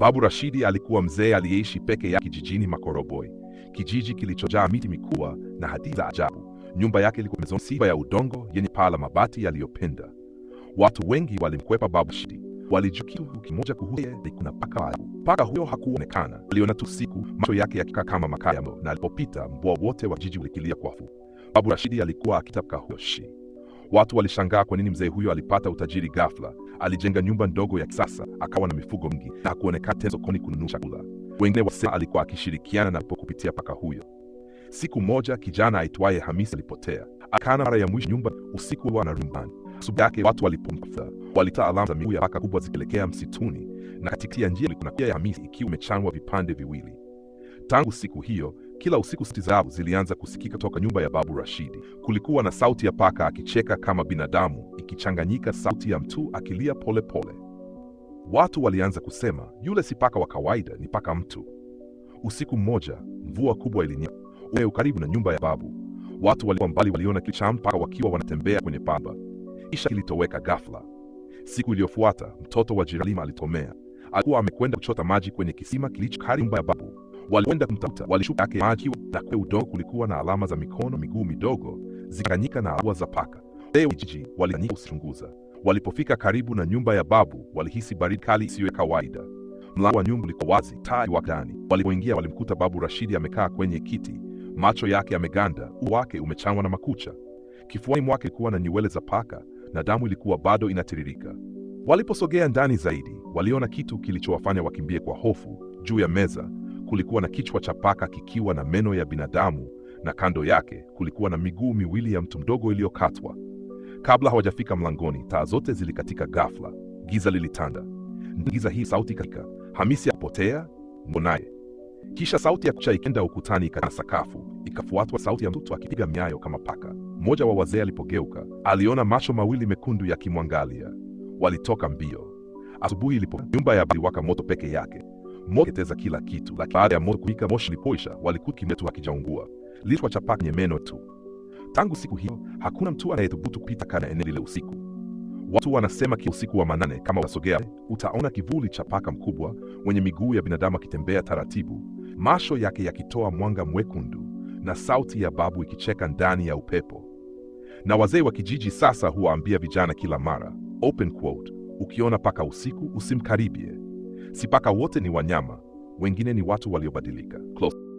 Babu Rashidi alikuwa mzee aliyeishi peke yake kijijini Makoroboi, kijiji kilichojaa miti mikubwa na hadithi za ajabu. Nyumba yake ilikuwa mezo siba ya udongo yenye paa la mabati yaliyopinda. Watu wengi walimkwepa Babu Rashidi, walijua kitu kimoja kuhusu yeye, kuna paka maalum. Paka huyo hakuonekana, aliona tu siku, macho yake yakikaa kama makaa ya moto, na alipopita mbwa wote wa jiji walikilia kwa hofu. Babu Rashidi alikuwa akitapka paka huyo Watu walishangaa kwa nini mzee huyo alipata utajiri ghafla. Alijenga nyumba ndogo ya kisasa, akawa na mifugo mingi na kuonekana tena sokoni kununua chakula. Wengine wasema alikuwa akishirikiana na pepo kupitia paka huyo. Siku moja kijana aitwaye Hamisi alipotea, akana mara ya mwisho nyumba usiku wa narumbani. Asubuhi yake watu walipomtafuta walita alama za miguu ya paka kubwa zikielekea msituni, na katikati ya njia kulikuwa na ya Hamisi ikiwa imechanwa vipande viwili. Tangu siku hiyo kila usiku stizabu zilianza kusikika toka nyumba ya Babu Rashidi. Kulikuwa na sauti ya paka akicheka kama binadamu, ikichanganyika sauti ya mtu akilia polepole pole. Watu walianza kusema, yule si paka wa kawaida, ni paka mtu. Usiku mmoja, mvua kubwa ilinyesha karibu na nyumba ya Babu. Watu walikuwa mbali, waliona kichwa cha paka wakiwa wanatembea kwenye pamba, kisha kilitoweka ghafla. Siku iliyofuata, mtoto wa jirani alitomea, alikuwa amekwenda kuchota maji kwenye kisima kilicho karibu na nyumba ya Babu walienda kumtafuta, walishuka yake maji na kule udongo kulikuwa na alama za mikono, miguu midogo zikanyika na alama za paka. Wazee wa kijiji walikusanyika Walipofika karibu na nyumba ya babu, walihisi baridi kali isiyo ya kawaida. Mlango wa nyumba ulikuwa wazi, taa wa ndani. Walipoingia walimkuta Babu Rashidi amekaa kwenye kiti, macho yake yameganda, uso wake umechanwa na makucha. Kifuani mwake kuwa na nywele za paka na damu ilikuwa bado inatiririka. Waliposogea ndani zaidi, waliona kitu kilichowafanya wakimbie kwa hofu. Juu ya meza kulikuwa na kichwa cha paka kikiwa na meno ya binadamu, na kando yake kulikuwa na miguu miwili ya mtu mdogo iliyokatwa. Kabla hawajafika mlangoni, taa zote zilikatika ghafla, giza lilitanda. Giza hii sauti katika Hamisi apotea mbonaye. Kisha sauti ya kucha ikenda ukutani ikana sakafu, ikafuatwa sauti ya mtoto akipiga miayo kama paka. Mmoja wa wazee alipogeuka, aliona macho mawili mekundu yakimwangalia. Walitoka mbio. Asubuhi ilipo, nyumba ya waka moto peke yake moteketeza kila kitu, lakini baada ya moto kuika, moshi ulipoisha, walikuta tu hakijaungua, lilikuwa chapa kwenye meno tu. Tangu siku hiyo hakuna mtu anayethubutu kupita kana eneo lile usiku. Watu wanasema kila usiku wa manane, kama utasogea utaona kivuli cha paka mkubwa mwenye miguu ya binadamu akitembea taratibu, macho yake yakitoa mwanga mwekundu na sauti ya babu ikicheka ndani ya upepo. Na wazee wa kijiji sasa huwaambia vijana kila mara, open quote, ukiona paka usiku usimkaribie. Si paka wote ni wanyama, wengine ni watu waliobadilika. Close.